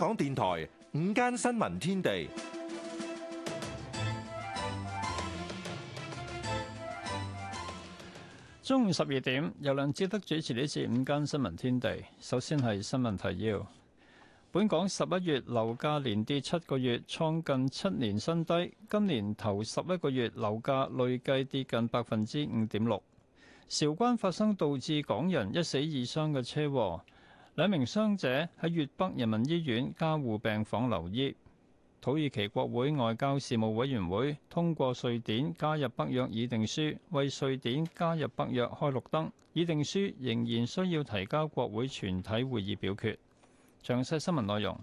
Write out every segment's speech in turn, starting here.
香港電台午間新聞天地，中午十二點由梁智德主持呢次午間新聞天地。首先係新聞提要：本港十一月樓價連跌七個月，創近七年新低。今年頭十一個月樓價累計跌近百分之五點六。韶關發生導致港人一死二傷嘅車禍。兩名傷者喺粵北人民醫院加護病房留醫。土耳其國會外交事務委員會通過瑞典加入北約議定書，為瑞典加入北約開綠燈。議定書仍然需要提交國會全體會議表決。詳細新聞內容：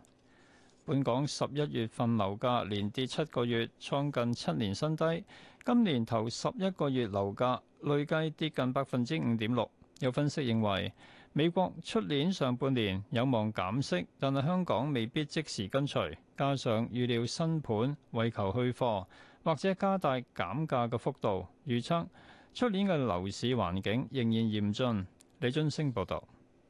本港十一月份樓價連跌七個月，創近七年新低。今年頭十一個月樓價累計跌近百分之五點六。有分析認為，美國出年上半年有望減息，但係香港未必即時跟隨。加上預料新盤為求去貨，或者加大減價嘅幅度，預測出年嘅樓市環境仍然嚴峻。李津星報道。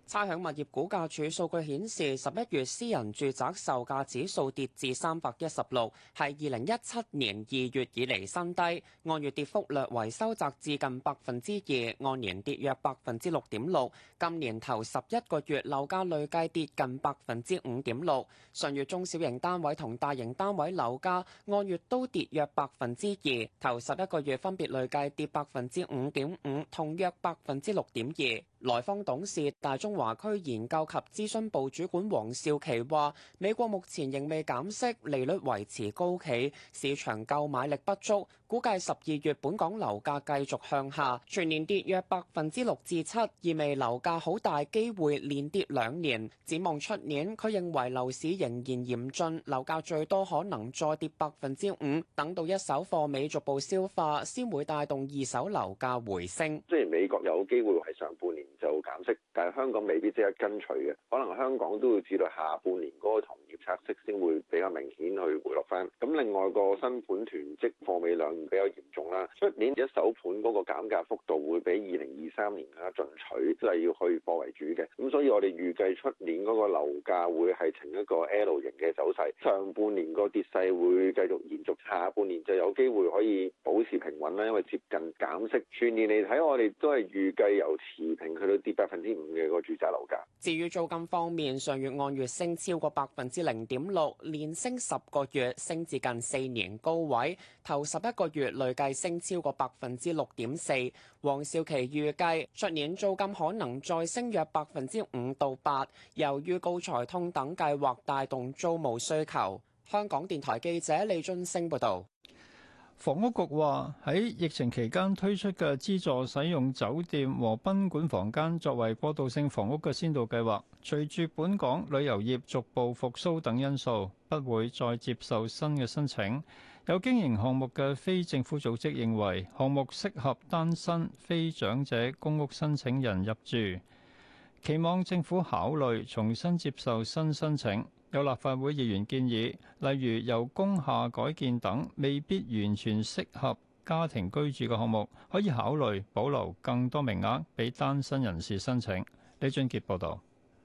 差餉物業估價署數據顯示，十一月私人住宅售價指數跌至三百一十六，係二零一七年二月以嚟新低，按月跌幅略為收窄至近百分之二，按年跌約百分之六點六。今年頭十一個月樓價累計跌近百分之五點六。上月中小型單位同大型單位樓價按月都跌約百分之二，頭十一個月分別累計跌百分之五點五，同約百分之六點二。萊坊董事、大中華區研究及諮詢部主管黃少琪話，美國目前仍未減息，利率維持高企，市場購買力不足，估計十二月本港樓價繼續向下，全年跌約百分之六至七，意味樓價好大機會連跌兩年。展望出年，佢認為樓市仍然嚴峻，樓價最多可能再跌百分之五，等到一手貨尾逐步消化，先會帶動二手樓價回升。即係美國有機會係上半年，就減息，但係香港未必即刻跟隨嘅，可能香港都會至知道下半年嗰個特色先會比較明顯去回落翻，咁另外個新盤囤積貨尾量比較嚴重啦。出年一手盤嗰個減價幅度會比二零二三年更加進取，即係要去貨為主嘅。咁所以我哋預計出年嗰個樓價會係呈一個 L 型嘅走勢，上半年個跌勢會繼續延續，下半年就有機會可以保持平穩啦。因為接近減息，全年嚟睇我哋都係預計由持平去到跌百分之五嘅個住宅樓價。至於租金方面，上月按月升超過百分之零，零點六，連升十個月，升至近四年高位。頭十一個月累計升超過百分之六點四。黃少琪預計，出年租金可能再升約百分之五到八，由於高才通等計劃帶動租務需求。香港電台記者李俊升報導。房屋局話喺疫情期間推出嘅資助使用酒店和賓館房間作為過渡性房屋嘅先導計劃，隨住本港旅遊業逐步復甦等因素，不會再接受新嘅申請，有經營項目嘅非政府組織認為項目適合單身、非長者公屋申請人入住，期望政府考慮重新接受新申請。有立法會議員建議，例如由工廈改建等未必完全適合家庭居住嘅項目，可以考慮保留更多名額俾單身人士申請。李俊傑報導，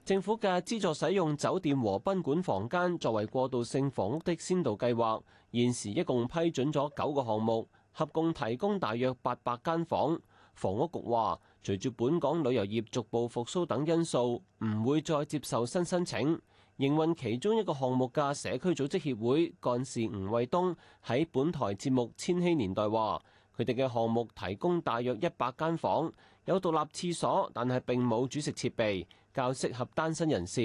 政府嘅資助使用酒店和賓館房間作為過渡性房屋的先導計劃，現時一共批准咗九個項目，合共提供大約八百間房。房屋局話，隨住本港旅遊業逐步復甦等因素，唔會再接受新申請。營運其中一個項目嘅社區組織協會幹事吳衛東喺本台節目《千禧年代》話，佢哋嘅項目提供大約一百間房，有獨立廁所，但係並冇煮食設備，較適合單身人士。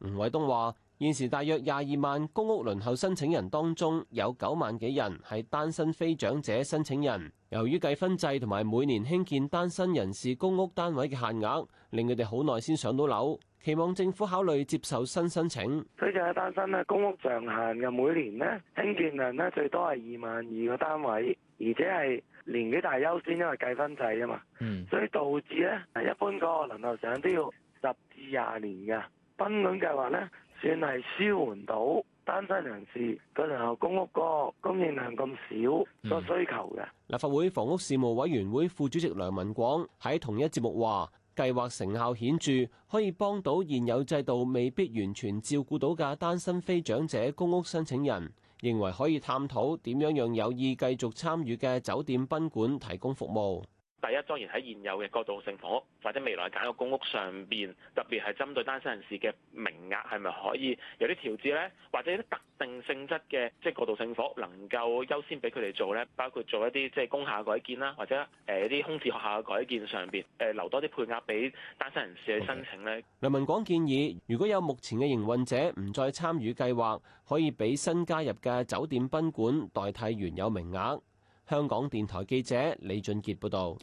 吳衛東話，現時大約廿二萬公屋輪候申請人當中，有九萬幾人係單身非長者申請人。由於計分制同埋每年興建單身人士公屋單位嘅限額，令佢哋好耐先上到樓。期望政府考慮接受新申請。最就嘅單身咧，公屋上限嘅每年咧，興建量咧最多係二萬二個單位，而且係年紀大優先，因為計分制啊嘛。所以導致咧，一般嗰個輪候上都要十至廿年嘅。賓館計劃咧，算係舒緩到單身人士嗰輪候公屋個供應量咁少個需求嘅。立法會房屋事務委員會副主席梁文廣喺同一節目話。計劃成效顯著，可以幫到現有制度未必完全照顧到嘅單身非長者公屋申請人，認為可以探討點樣讓有意繼續參與嘅酒店賓館提供服務。第一，當然喺現有嘅過渡性房屋或者未來簡約公屋上邊，特別係針對單身人士嘅名額，係咪可以有啲調節呢？或者啲特定性質嘅即係過渡性房屋能夠優先俾佢哋做呢？包括做一啲即係工廈改建啦，或者誒一啲空置學校嘅改建上邊，誒、呃、留多啲配額俾單身人士去申請呢？梁 Okay. 文廣建議，如果有目前嘅營運者唔再參與計劃，可以俾新加入嘅酒店賓館代替原有名額。香港電台記者李俊傑報導。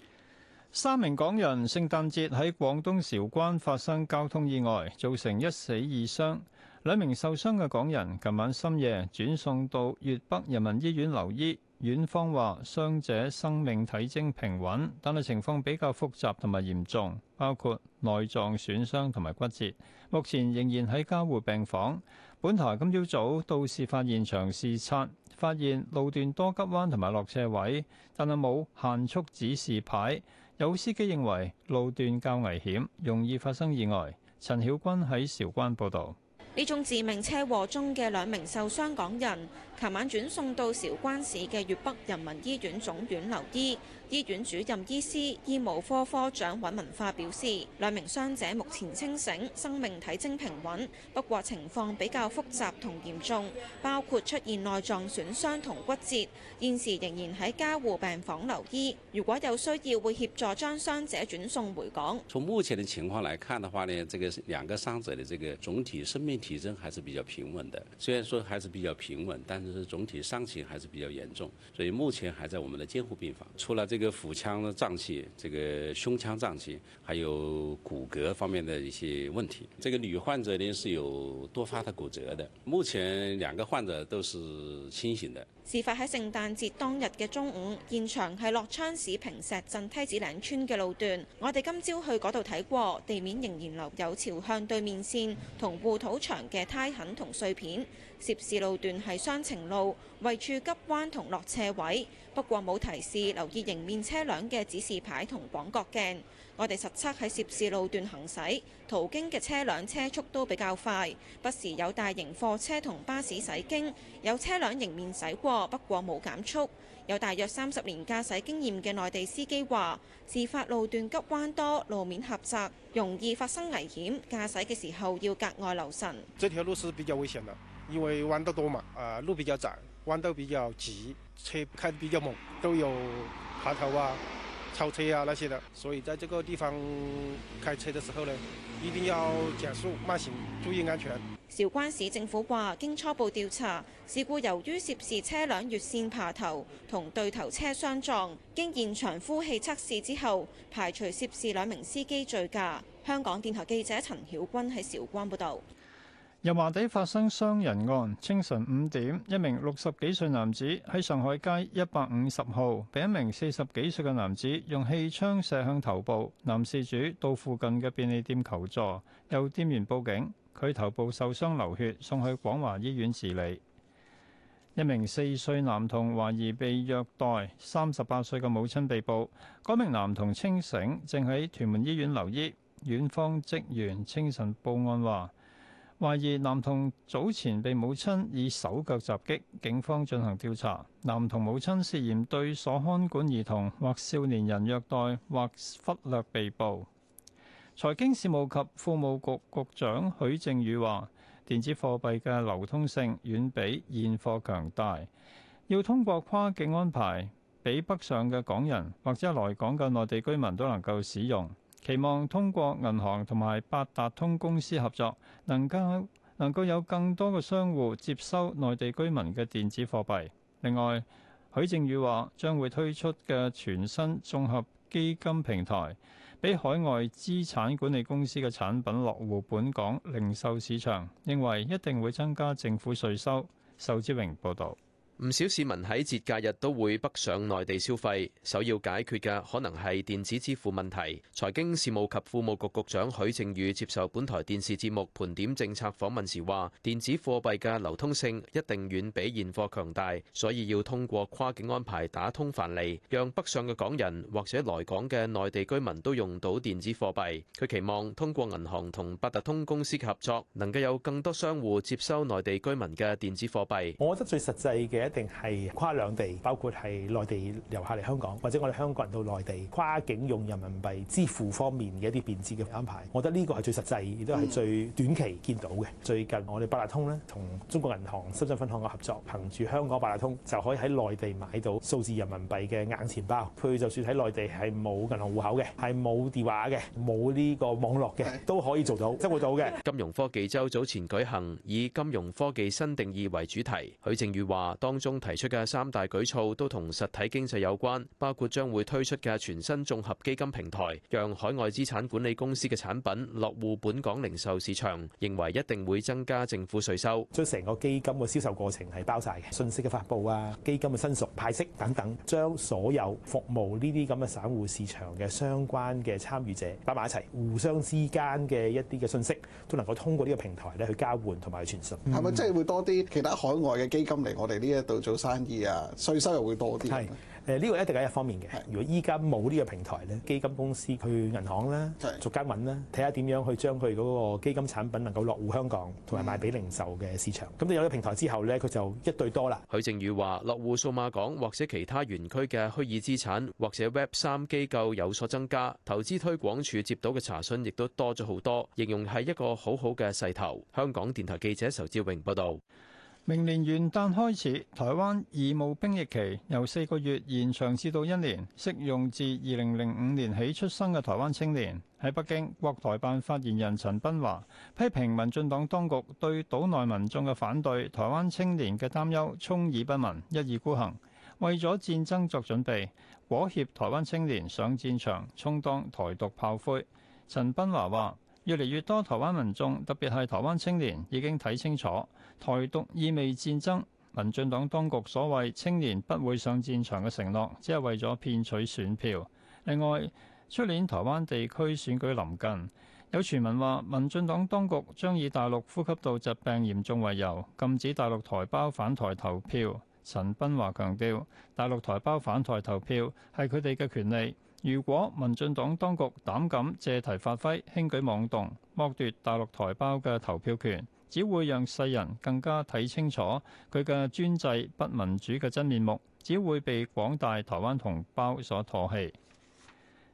三名港人聖誕節喺廣東韶關發生交通意外，造成一死二傷，兩名受傷嘅港人琴晚深夜轉送到粵北人民醫院留醫，院方話，傷者生命體徵平穩，但係情況比較複雜同埋嚴重，包括內臟損傷同埋骨折，目前仍然喺加護病房。本台今朝早到事發現場視察，發現路段多急彎同埋落斜位，但係冇限速指示牌。有司機認為路段較危險，容易發生意外。陳曉君喺韶關報導，呢宗致命車禍中嘅兩名受傷港人，琴晚轉送到韶關市嘅粵北人民醫院總院留醫。醫院主任醫師醫務科科長尹文發表示：兩名傷者目前清醒，生命體徵平穩，不過情況比較複雜同嚴重，包括出現內臟損傷同骨折，現時仍然喺加護病房留醫。如果有需要，會協助將傷者轉送回港。從目前的情況來看的話呢，這個兩個傷者的這個總體生命體徵還是比較平穩的。雖然說還是比較平穩，但是總體傷情還是比較嚴重，所以目前還在我們的監護病房。除了這個這個腹腔的臟器，這個胸腔臟器，還有骨骼方面的一些問題。這個女患者呢，是有多發的骨折的。目前兩個患者都是清醒的。事發喺聖誕節當日嘅中午，現場係樂昌市坪石鎮梯子嶺村嘅路段。我哋今朝去嗰度睇過，地面仍然留有朝向對面線同護土牆嘅胎痕同碎片。涉事路段係雙程路，位處急彎同落斜位，不過冇提示留意迎面車輛嘅指示牌同廣角鏡。我哋實測喺涉事路段行駛，途經嘅車輛車速都比較快，不時有大型貨車同巴士駛經，有車輛迎面駛過，不過冇減速。有大約三十年駕駛經驗嘅內地司機話：事發路段急彎多，路面狹窄，容易發生危險，駕駛嘅時候要格外留神。這條路是比較危險嘅。因為彎道多嘛，啊，路比較窄，彎道比較急，車開得比較猛，都有爬頭啊、超車啊那些的，所以在這個地方開車的時候呢，一定要減速慢行，注意安全。韶關市政府話，經初步調查，事故由於涉事車輛越線爬頭同對頭車相撞，經現場呼氣測試之後，排除涉事兩名司機醉駕。香港電台記者陳曉君喺韶關報道。油麻地發生傷人案，清晨五點，一名六十幾歲男子喺上海街一百五十號被一名四十幾歲嘅男子用氣槍射向頭部。男事主到附近嘅便利店求助，有店員報警。佢頭部受傷流血，送去廣華醫院治理。一名四歲男童懷疑被虐待，三十八歲嘅母親被捕。嗰名男童清醒，正喺屯門醫院留醫。院方職員清晨報案話。懷疑男童早前被母親以手腳襲擊，警方進行調查。男童母親涉嫌對所看管兒童或少年人虐待或忽略，被捕。財經事務及庫務局局長許正宇話，電子貨幣嘅流通性遠比現貨強大，要通過跨境安排，俾北上嘅港人或者來港嘅內地居民都能夠使用。期望通過銀行同埋八達通公司合作，能夠能夠有更多嘅商戶接收內地居民嘅電子貨幣。另外，許正宇話將會推出嘅全新綜合基金平台，俾海外資產管理公司嘅產品落戶本港零售市場，認為一定會增加政府稅收。仇志榮報導。唔少市民喺節假日都會北上內地消費，首要解決嘅可能係電子支付問題。財經事務及庫務局局長許正宇接受本台電視節目盤點政策訪問時話，電子貨幣嘅流通性一定遠比現貨強大，所以要通過跨境安排打通返嚟，讓北上嘅港人或者來港嘅內地居民都用到電子貨幣。佢期望通過銀行同八達通公司嘅合作，能夠有更多商戶接收內地居民嘅電子貨幣。我覺得最實際嘅。定係跨兩地，包括係內地遊客嚟香港，或者我哋香港人到內地，跨境用人民幣支付方面嘅一啲便捷嘅安排，我覺得呢個係最實際，亦都係最短期見到嘅。最近我哋八達通咧，同中國銀行深圳分行嘅合作，憑住香港八達通就可以喺內地買到數字人民幣嘅硬錢包。佢就算喺內地係冇銀行戶口嘅，係冇電話嘅，冇呢個網絡嘅，都可以做到，生活到嘅。金融科技周早前舉行，以金融科技新定義為主題，許正宇話當中提出嘅三大舉措都同實體經濟有關，包括將會推出嘅全新綜合基金平台，讓海外資產管理公司嘅產品落戶本港零售市場。認為一定會增加政府稅收，將成個基金嘅銷售過程係包曬嘅，信息嘅發布啊，基金嘅申贖派息等等，將所有服務呢啲咁嘅散戶市場嘅相關嘅參與者包埋一齊，互相之間嘅一啲嘅信息都能夠通過呢個平台咧去交換同埋傳送。係咪即係會多啲其他海外嘅基金嚟我哋呢一？做做生意啊，稅收又會多啲。係是，誒呢吧個一定係一方面嘅。是如果依家冇呢個平台咧，基金公司去銀行咧，是逐間揾啦，睇下點樣去將佢嗰個基金產品能夠落戶香港，同埋賣俾零售嘅市場，咁你、嗯、有咗平台之後咧，佢就一對多啦。許正宇話落戶數碼港或者其他園區嘅虛擬資產或者 Web 三機構有所增加，投資推廣署接到嘅查詢亦都多咗好多，形容係一個好好嘅勢頭。香港電台記者仇志榮報道。明年元旦開始，台灣義務兵役期由四個月延長至到一年，適用自二零零五年起出生嘅台灣青年。喺北京，國台辦發言人陳斌華批評民進黨當局對島內民眾嘅反對、台灣青年嘅擔憂充耳不聞，一意孤行，為咗戰爭作準備，裹挾台灣青年上戰場，充當台獨炮灰。陳斌華話：越嚟越多台灣民眾，特別係台灣青年，已經睇清楚。台獨意味戰爭，民進黨當局所謂青年不會上戰場嘅承諾，只係為咗騙取選票。另外，出年台灣地區選舉臨近，有傳聞話民進黨當局將以大陸呼吸道疾病嚴重為由，禁止大陸台胞返台投票。陳斌華強調，大陸台胞返台投票係佢哋嘅權利。如果民進黨當局膽敢借題發揮、輕舉妄動、剝奪大陸台胞嘅投票權，只會讓世人更加睇清楚佢嘅專制不民主嘅真面目，只會被廣大台灣同胞所唾棄。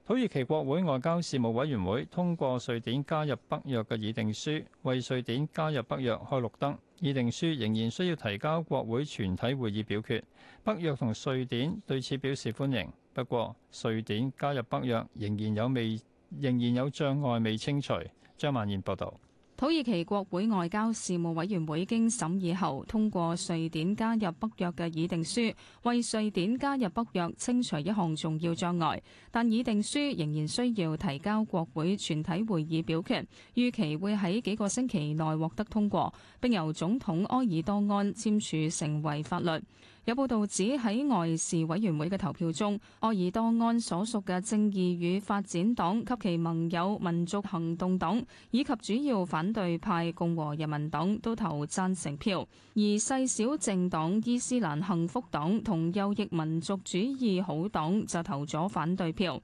土耳其國會外交事務委員會通過瑞典加入北約嘅議定書，為瑞典加入北約開綠燈。議定書仍然需要提交國會全體會議表決。北約同瑞典對此表示歡迎，不過瑞典加入北約仍然有未，仍然有障礙未清除。張萬燕報導。土耳其國會外交事務委員會經審議後通過瑞典加入北約嘅議定書，為瑞典加入北約清除一項重要障礙。但議定書仍然需要提交國會全體會議表決，預期會喺幾個星期內獲得通過，並由總統埃爾多安簽署成為法律。有報道指喺外事委員會嘅投票中，愛爾多安所屬嘅正義與發展黨及其盟友民族行動黨以及主要反對派共和人民黨都投贊成票，而細小政黨伊斯蘭幸福黨同右翼民族主義好黨就投咗反對票。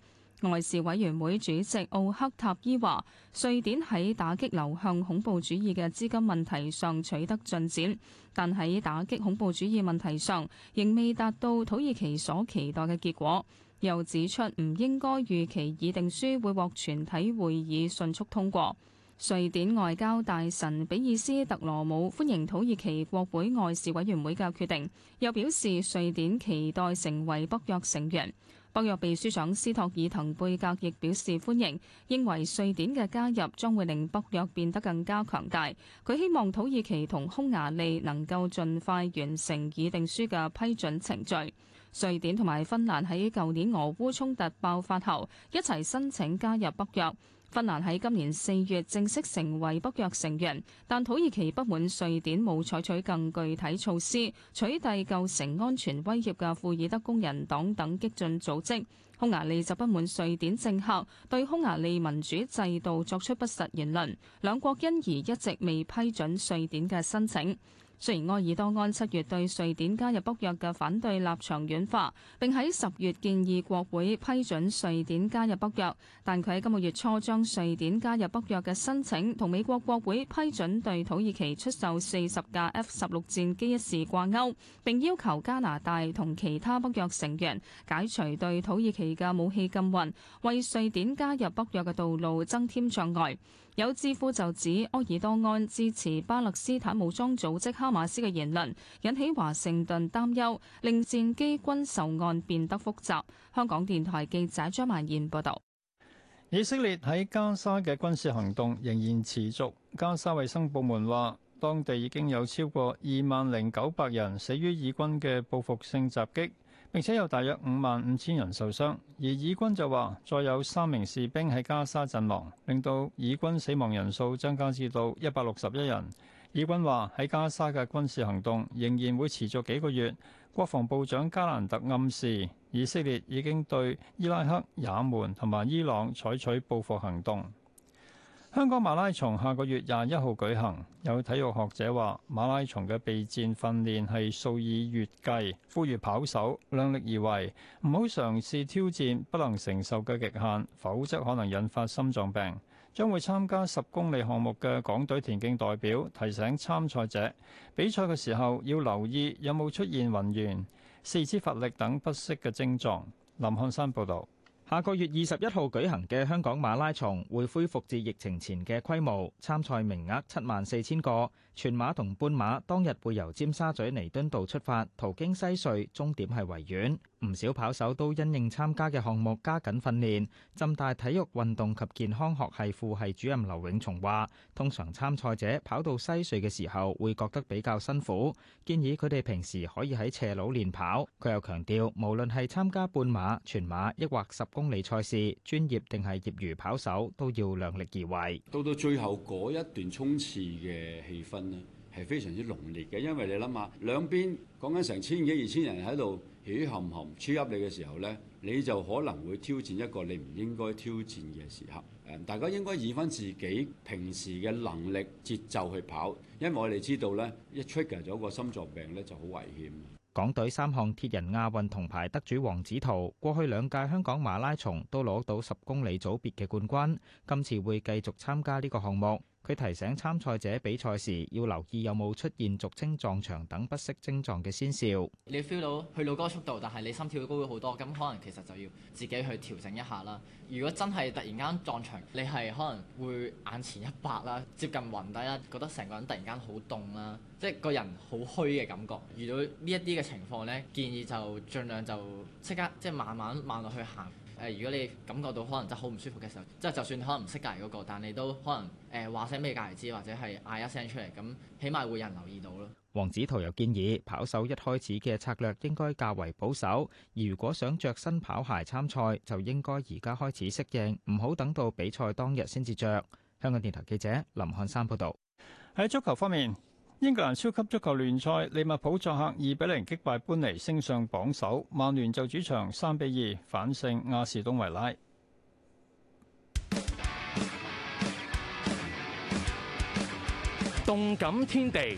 外事委員會主席奧克塔伊話：瑞典喺打擊流向恐怖主義嘅資金問題上取得進展，但喺打擊恐怖主義問題上仍未達到土耳其所期待嘅結果。又指出唔應該預期議定書會獲全體會議迅速通過。瑞典外交大臣比爾斯特羅姆歡迎土耳其國會外事委員會嘅決定，又表示瑞典期待成為北約成員。北約秘書長斯托爾滕貝格亦表示歡迎，認為瑞典嘅加入將會令北約變得更加強大。佢希望土耳其同匈牙利能夠盡快完成議定書嘅批准程序。瑞典同埋芬蘭喺舊年俄烏衝突爆發後一齊申請加入北約。芬蘭喺今年四月正式成為北約成員，但土耳其不滿瑞典冇採取更具體措施取締構成安全威脅嘅庫爾德工人黨等激進組織。匈牙利就不滿瑞典政客對匈牙利民主制度作出不實言論，兩國因而一直未批准瑞典嘅申請。雖然埃爾多安七月對瑞典加入北約嘅反對立場軟化，並喺十月建議國會批准瑞典加入北約，但佢喺今個月初將瑞典加入北約嘅申請同美國國會批准對土耳其出售四十架 F 十六戰機一事掛鈎，並要求加拿大同其他北約成員解除對土耳其嘅武器禁運，為瑞典加入北約嘅道路增添障礙。有智庫就指，柯爾多安支持巴勒斯坦武裝組織哈馬斯嘅言論，引起華盛頓擔憂，令戰機軍售案變得複雜。香港電台記者張曼燕報導。以色列喺加沙嘅軍事行動仍然持續。加沙衛生部門話，當地已經有超過二萬零九百人死於以軍嘅報復性襲擊。並且有大約五萬五千人受傷，而以軍就話再有三名士兵喺加沙陣亡，令到以軍死亡人數增加至到一百六十一人。以軍話喺加沙嘅軍事行動仍然會持續幾個月。國防部長加蘭特暗示以色列已經對伊拉克、也門同埋伊朗採取報復行動。香港馬拉松下個月廿一號舉行，有體育學者話馬拉松嘅備戰訓練係數以月計，呼籲跑手量力而為，唔好嘗試挑戰不能承受嘅極限，否則可能引發心臟病。將會參加十公里項目嘅港隊田徑代表提醒參賽者，比賽嘅時候要留意有冇出現暈眩、四肢乏力等不適嘅症狀。林漢山報導。下個月二十一號舉行嘅香港馬拉松會恢復至疫情前嘅規模，參賽名額七萬四千個。全馬同半馬當日會由尖沙咀彌敦道出發，途經西隧，終點係維園。唔少跑手都因應參加嘅項目加緊訓練。浸大體育運動及健康學系副系主任劉永松話，通常參賽者跑到西隧嘅時候會覺得比較辛苦，建議佢哋平時可以喺斜路練跑。佢又強調，無論係參加半馬、全馬，抑或十公里賽事，專業定係業餘跑手都要量力而為。到到最後嗰一段衝刺嘅氣氛，係非常之濃烈嘅，因為你諗下，兩邊講緊成千幾、二千人喺度起含含吹噏你嘅時候咧，你就可能會挑戰一個你唔應該挑戰嘅時候。誒，大家應該以翻自己平時嘅能力節奏去跑，因為我哋知道咧，一 trigger 咗個心臟病咧就好危險。港隊三項鐵人亞運銅牌得主黃子圖，過去兩屆香港馬拉松都攞到十公里組別嘅冠軍，今次會繼續參加呢個項目。佢提醒參賽者比賽時要留意有冇出現俗稱撞牆等不適症狀嘅先兆。你 feel 到去到高速度，但係你心跳高咗好多，咁可能其實就要自己去調整一下啦。如果真係突然間撞牆，你係可能會眼前一白啦，接近暈低啦，覺得成個人突然間好凍啦，即係個人好虛嘅感覺。遇到呢一啲嘅情況呢，建議就儘量就即刻即係慢慢慢落去行。誒，如果你感覺到可能真係好唔舒服嘅時候，即係就算可能唔識隔離嗰個，但你都可能誒話聲畀隔離知，或者係嗌一聲出嚟，咁起碼會有人留意到咯。黃子圖又建議跑手一開始嘅策略應該較為保守，如果想著新跑鞋參賽，就應該而家開始適應，唔好等到比賽當日先至着。香港電台記者林漢山報道。喺足球方面，英格蘭超級足球聯賽，利物浦作客二比零擊敗般尼，升上榜首。曼聯就主場三比二反勝亞士東維拉。動感天地。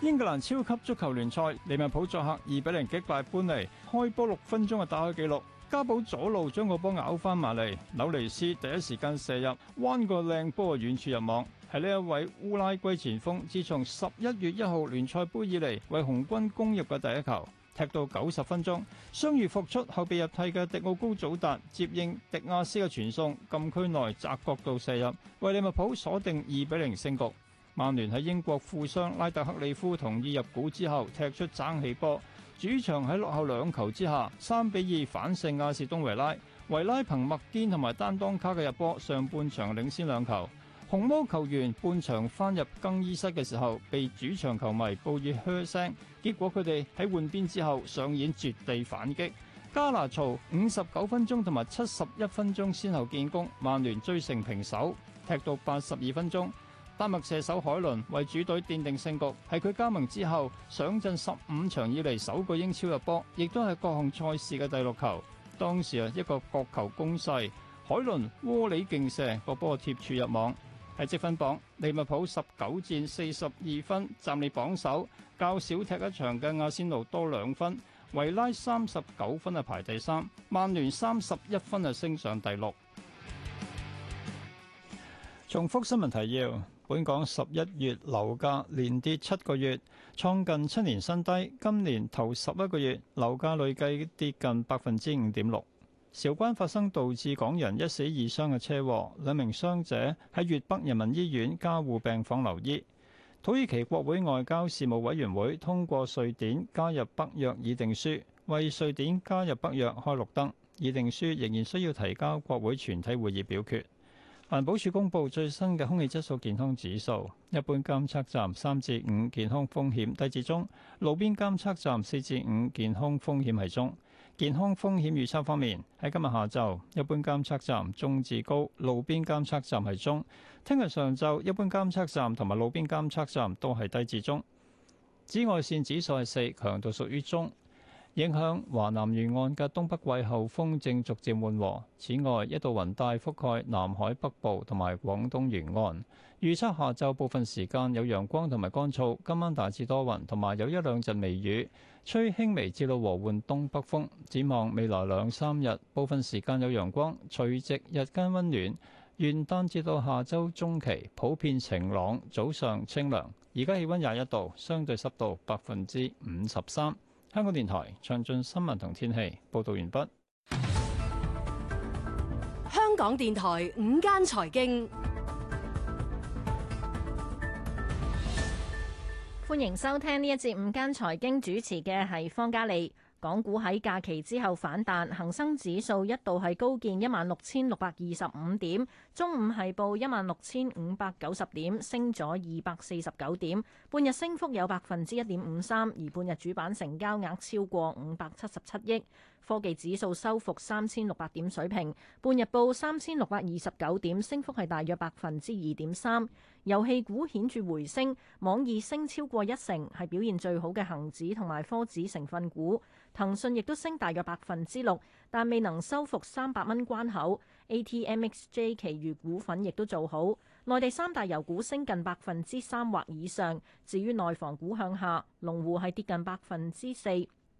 英格蘭超級足球聯賽，利物浦作客二比零擊敗般尼。開波六分鐘嘅打開記錄，加保左路將個波咬翻埋嚟，紐尼斯第一時間射入，彎個靚波，遠處入網。係呢一位烏拉圭前鋒，自從十一月一號聯賽杯以嚟，為紅軍攻入嘅第一球，踢到九十分鐘。傷愈復出後備入替嘅迪奧高祖達接應迪亞斯嘅傳送，禁區內窄角度射入，為利物浦鎖定二比零勝局。曼聯喺英國富商拉特克里夫同意入股之後，踢出爭氣波，主場喺落後兩球之下，三比二反勝亞士東維拉。維拉憑麥堅同埋丹當卡嘅入波，上半場領先兩球。紅魔球員半場返入更衣室嘅時候，被主場球迷報以噓聲。結果佢哋喺換邊之後上演絕地反擊。加拿曹五十九分鐘同埋七十一分鐘先後建功，曼聯追成平手。踢到八十二分鐘，丹麥射手海倫為主隊奠定勝局，係佢加盟之後上陣十五場以嚟首個英超入波，亦都係各項賽事嘅第六球。當時啊，一個角球攻勢，海倫窩裏勁射個波貼柱入網。喺積分榜，利物浦十九戰四十二分，暫列榜首；較少踢一場嘅阿仙奴多兩分，維拉三十九分啊排第三，曼聯三十一分啊升上第六。重複新聞提要：本港十一月樓價連跌七個月，創近七年新低。今年頭十一個月樓價累計跌近百分之五點六。韶關發生導致港人一死二傷嘅車禍，兩名傷者喺粵北人民醫院加護病房留醫。土耳其國會外交事務委員會通過瑞典加入北約議定書，為瑞典加入北約開綠燈。議定書仍然需要提交國會全體會議表決。環保署公布最新嘅空氣質素健康指數，一般監測站三至五健康風險低至中，路邊監測站四至五健康風險係中。健康風險預測方面，喺今日下晝，一般監測站中至高，路邊監測站係中。聽日上晝，一般監測站同埋路邊監測站都係低至中。紫外線指數係四，強度屬於中。影響華南沿岸嘅東北季候風正逐漸緩和。此外，一道雲帶覆蓋南海北部同埋廣東沿岸。預測下晝部分時間有陽光同埋乾燥，今晚大致多雲同埋有一兩陣微雨。吹輕微至到和緩東北風，展望未來兩三日部分時間有陽光，隨即日間溫暖。元旦至到下周中期普遍晴朗，早上清涼。而家氣温廿一度，相對濕度百分之五十三。香港電台詳盡新聞同天氣報導完畢。香港電台午間財經。歡迎收聽呢一節午間財經，主持嘅係方嘉利。港股喺假期之後反彈，恒生指數一度係高見一萬六千六百二十五點，中午係報一萬六千五百九十點，升咗二百四十九點，半日升幅有百分之一點五三，而半日主板成交額超過五百七十七億。科技指數收復三千六百點水平，半日報三千六百二十九點，升幅係大約百分之二點三。遊戲股顯著回升，網易升超過一成，係表現最好嘅恒指同埋科指成分股。騰訊亦都升大約百分之六，但未能收復三百蚊關口。A T M X J 其餘股份亦都做好。內地三大油股升近百分之三或以上，至於內房股向下，龍湖係跌近百分之四。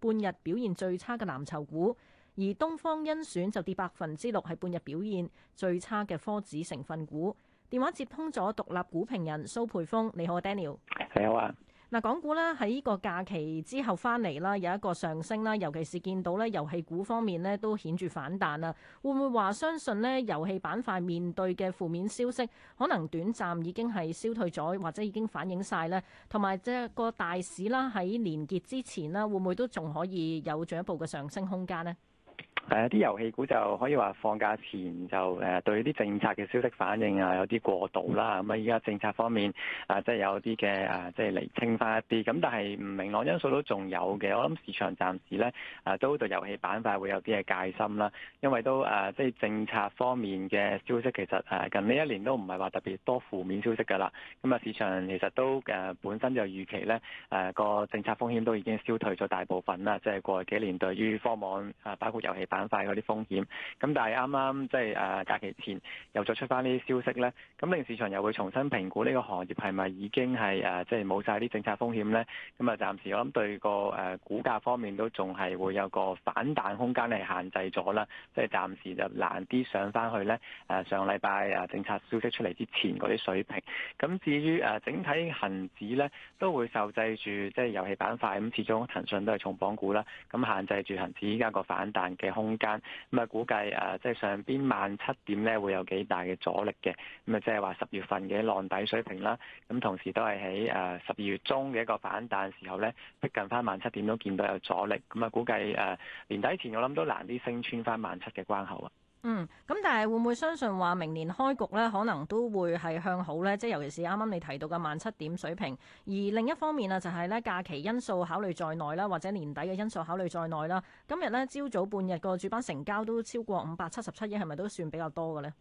半日表現最差嘅藍籌股，而東方甄選就跌百分之六，係半日表現最差嘅科指成分股。電話接通咗獨立股評人蘇培峰。你好，Daniel。你好啊。 嗱，港股咧喺呢個假期之後翻嚟啦，有一個上升啦，尤其是見到咧遊戲股方面咧都顯著反彈啦。會唔會話相信咧遊戲板塊面對嘅負面消息，可能短暫已經係消退咗，或者已經反映晒呢？同埋即係個大市啦，喺年結之前啦，會唔會都仲可以有進一步嘅上升空間呢？誒啲遊戲股就可以話放假前就誒對啲政策嘅消息反應啊有啲過度啦，咁啊依家政策方面啊即係有啲嘅啊即係釐清翻一啲，咁但係唔明朗因素都仲有嘅，我諗市場暫時咧啊都對遊戲板塊會有啲嘅戒心啦，因為都誒、啊、即係政策方面嘅消息其實誒、啊、近呢一年都唔係話特別多負面消息㗎啦，咁啊市場其實都誒、啊、本身就預期咧誒個政策風險都已經消退咗大部分啦、啊，即係過去幾年對於科網啊包括遊戲。板塊嗰啲風險，咁但係啱啱即係誒假期前又再出翻呢啲消息咧，咁令市場又會重新評估呢個行業係咪已經係誒即係冇晒啲政策風險咧？咁啊，暫時我諗對個誒股價方面都仲係會有個反彈空間係限制咗啦，即係暫時就難啲上翻去咧誒上禮拜誒政策消息出嚟之前嗰啲水平。咁至於誒整體恒指咧，都會受制住即係遊戲板塊，咁始終騰訊都係重磅股啦，咁限制住恒指依家個反彈嘅空間咁啊，估計誒即係上邊萬七點咧會有幾大嘅阻力嘅，咁啊即係話十月份嘅浪底水平啦，咁同時都係喺誒十二月中嘅一個反彈時候咧，逼近返萬七點都見到有阻力，咁啊估計誒年、呃、底前我諗都難啲升穿返萬七嘅關口啊。嗯，咁但係會唔會相信話明年開局咧，可能都會係向好咧？即係尤其是啱啱你提到嘅萬七點水平。而另一方面啊，就係咧假期因素考慮在內啦，或者年底嘅因素考慮在內啦。今日咧朝早半日個主板成交都超過五百七十七億，係咪都算比較多嘅咧？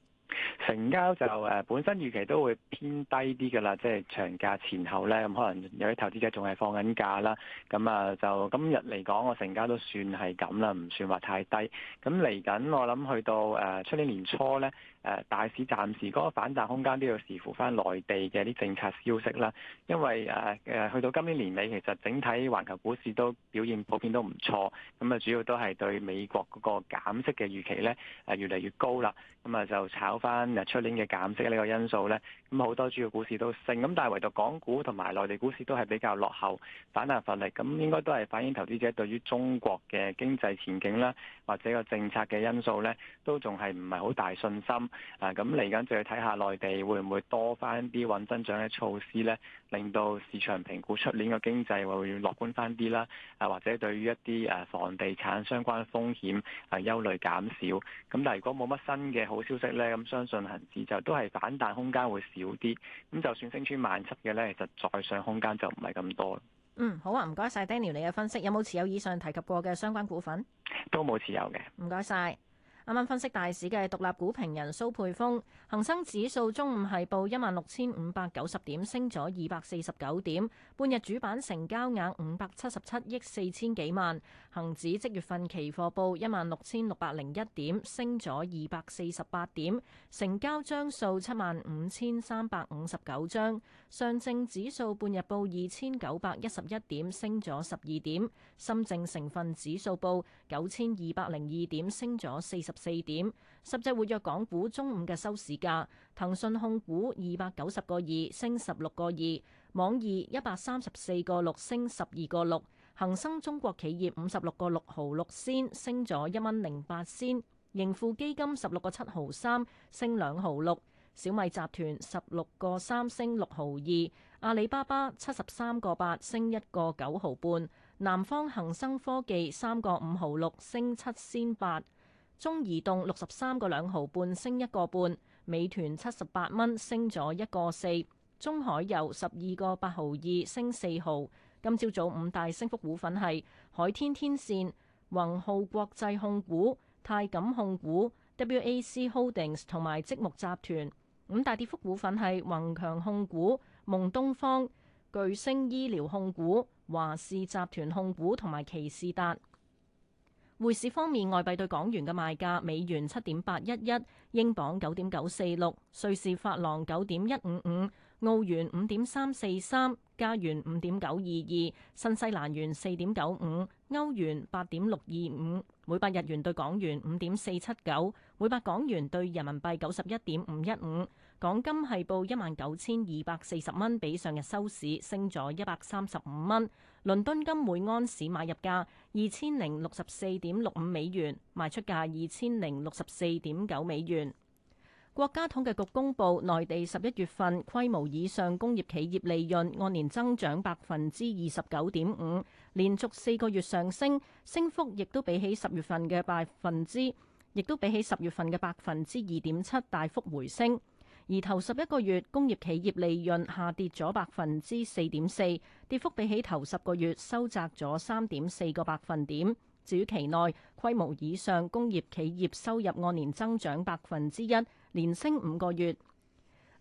成交就誒、呃、本身預期都會偏低啲㗎啦，即係長假前後咧，咁、嗯、可能有啲投資者仲係放緊假啦，咁啊就今日嚟講，我成交都算係咁啦，唔算話太低。咁嚟緊我諗去到誒出年年初咧，誒、呃、大市暫時嗰個反彈空間都要視乎翻內地嘅啲政策消息啦。因為誒誒、呃、去到今年年尾，其實整體環球股市都表現普遍都唔錯，咁啊主要都係對美國嗰個減息嘅預期咧，誒、呃、越嚟越高啦，咁啊就炒翻。出年嘅減息呢個因素呢，咁好多主要股市都升，咁但係唯獨港股同埋內地股市都係比較落後反彈乏力，咁應該都係反映投資者對於中國嘅經濟前景啦，或者個政策嘅因素呢，都仲係唔係好大信心。啊，咁嚟緊就要睇下內地會唔會多翻啲穩增長嘅措施呢。令到市場評估出年嘅經濟會樂觀翻啲啦，啊或者對於一啲誒房地產相關風險係憂慮減少。咁但係如果冇乜新嘅好消息咧，咁相信恆指就都係反彈空間會少啲。咁就算升穿萬七嘅咧，其實再上空間就唔係咁多。嗯，好啊，唔該晒。Daniel 你嘅分析。有冇持有以上提及過嘅相關股份？都冇持有嘅。唔該晒。啱啱分析大市嘅獨立股評人蘇佩峰，恒生指數中午係報一萬六千五百九十點，升咗二百四十九點，半日主板成交額五百七十七億四千幾萬，恒指即月份期貨報一萬六千六百零一點，升咗二百四十八點，成交張數七萬五千三百五十九張，上證指數半日報二千九百一十一點，升咗十二點，深證成分指數報九千二百零二點，升咗四十，十四點十隻活躍港股中午嘅收市價，騰訊控股二百九十個二升十六個二，網易一百三十四個六升十二個六，恒生中國企業五十六個六毫六仙升咗一蚊零八仙，盈富基金十六個七毫三升兩毫六，小米集團十六個三升六毫二，阿里巴巴七十三個八升一個九毫半，南方恒生科技三個五毫六升七仙八。中移動六十三個兩毫半升一個半，美團七十八蚊升咗一個四，中海油十二個八毫二升四毫。今朝早,早五大升幅股份係海天天線、宏浩國際控股、泰錦控股、WAC Holdings 同埋積木集團。五大跌幅股份係宏強控股、夢東方、巨星醫療控股、華視集團控股同埋奇士達。匯市方面，外幣對港元嘅賣價：美元七點八一一，英鎊九點九四六，瑞士法郎九點一五五，澳元五點三四三，加元五點九二二，新西蘭元四點九五，歐元八點六二五，每百日元對港元五點四七九，每百港元對人民幣九十一點五一五。港金係報一萬九千二百四十蚊，比上日收市升咗一百三十五蚊。倫敦金每安士買入價二千零六十四點六五美元，賣出價二千零六十四點九美元。國家統計局公布，內地十一月份規模以上工業企業利潤按年增長百分之二十九點五，連續四個月上升，升幅亦都比起十月份嘅百分之，亦都比起十月份嘅百分之二點七大幅回升。而頭十一個月工業企業利潤下跌咗百分之四點四，跌幅比起頭十個月收窄咗三點四個百分點。至於期內規模以上工業企業收入按年增長百分之一，連升五個月。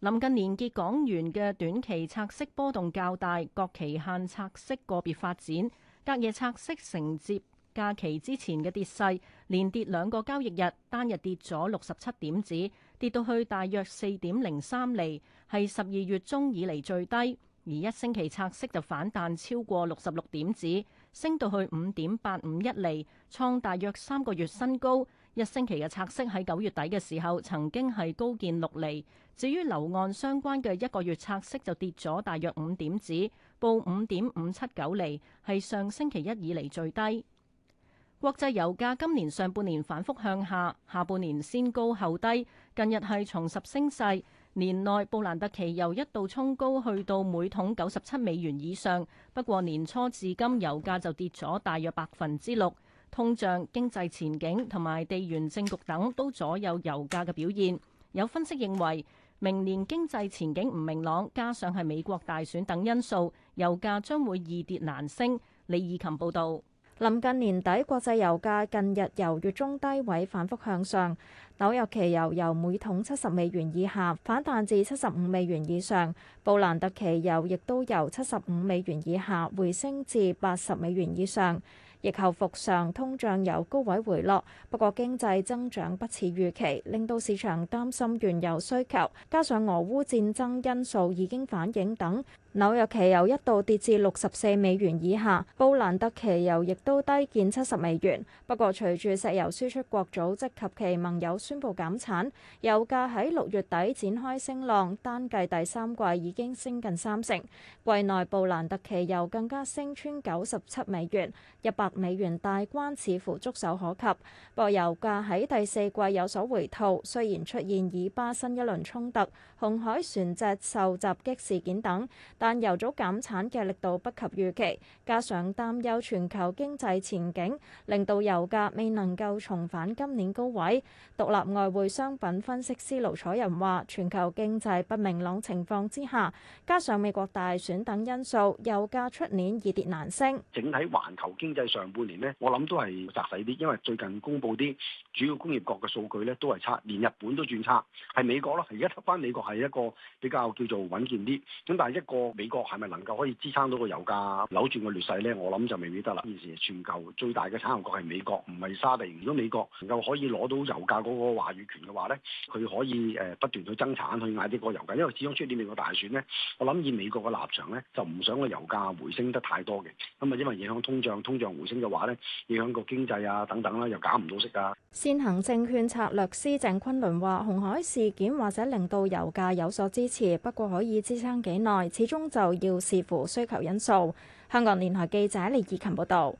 臨近年結港元嘅短期拆息波動較大，各期限拆息個別發展，隔夜拆息承接假期之前嘅跌勢。連跌兩個交易日，單日跌咗六十七點子，跌到去大約四點零三厘，係十二月中以嚟最低。而一星期拆息就反彈超過六十六點子，升到去五點八五一厘，創大約三個月新高。一星期嘅拆息喺九月底嘅時候曾經係高見六厘，至於樓按相關嘅一個月拆息就跌咗大約五點子，報五點五七九厘，係上星期一以嚟最低。國際油價今年上半年反覆向下，下半年先高後低，近日係重拾升勢。年內布蘭特期油一度衝高去到每桶九十七美元以上，不過年初至今油價就跌咗大約百分之六。通脹、經濟前景同埋地緣政局等都左右油價嘅表現。有分析認為，明年經濟前景唔明朗，加上係美國大選等因素，油價將會易跌難升。李以琴報導。臨近年底，國際油價近日由月中低位反覆向上，紐約期油由每桶七十美元以下反彈至七十五美元以上，布蘭特期油亦都由七十五美元以下回升至八十美元以上，疫後復上通脹由高位回落，不過經濟增長不似預期，令到市場擔心原油需求，加上俄烏戰爭因素已經反映等。紐約期油一度跌至六十四美元以下，布蘭特期油亦都低見七十美元。不過，隨住石油輸出國組織及其盟友宣佈減產，油價喺六月底展開升浪，單計第三季已經升近三成。季內布蘭特期油更加升穿九十七美元，一百美元大關似乎觸手可及。不過，油價喺第四季有所回吐，雖然出現以巴新一輪衝突、紅海船隻受襲擊事件等。但油組減產嘅力度不及預期，加上擔憂全球經濟前景，令到油價未能夠重返今年高位。獨立外匯商品分析師盧楚仁話，全球經濟不明朗情況之下，加上美國大選等因素，油價出年易跌難升。整體環球經濟上半年咧，我諗都係窄細啲，因為最近公布啲主要工業國嘅數據咧都係差，連日本都轉差，係美國咯。而家得翻美國係一個比較叫做穩健啲，咁但係一個。美國係咪能夠可以支撐到個油價扭轉個劣勢呢？我諗就未必得啦。現時全球最大嘅產油國係美國，唔係沙地。如果美國能夠可以攞到油價嗰個話語權嘅話呢，佢可以誒，不斷去增產，去壓啲個油價。因為始終出年美國大選呢，我諗以美國嘅立場呢，就唔想個油價回升得太多嘅。咁啊，因為影響通脹，通脹回升嘅話呢，影響個經濟啊等等啦、啊，又搞唔到息㗎、啊。先行證券策略師鄭昆倫話，紅海事件或者令到油價有所支持，不過可以支撐幾耐，始終就要視乎需求因素。香港電台記者李以勤報道。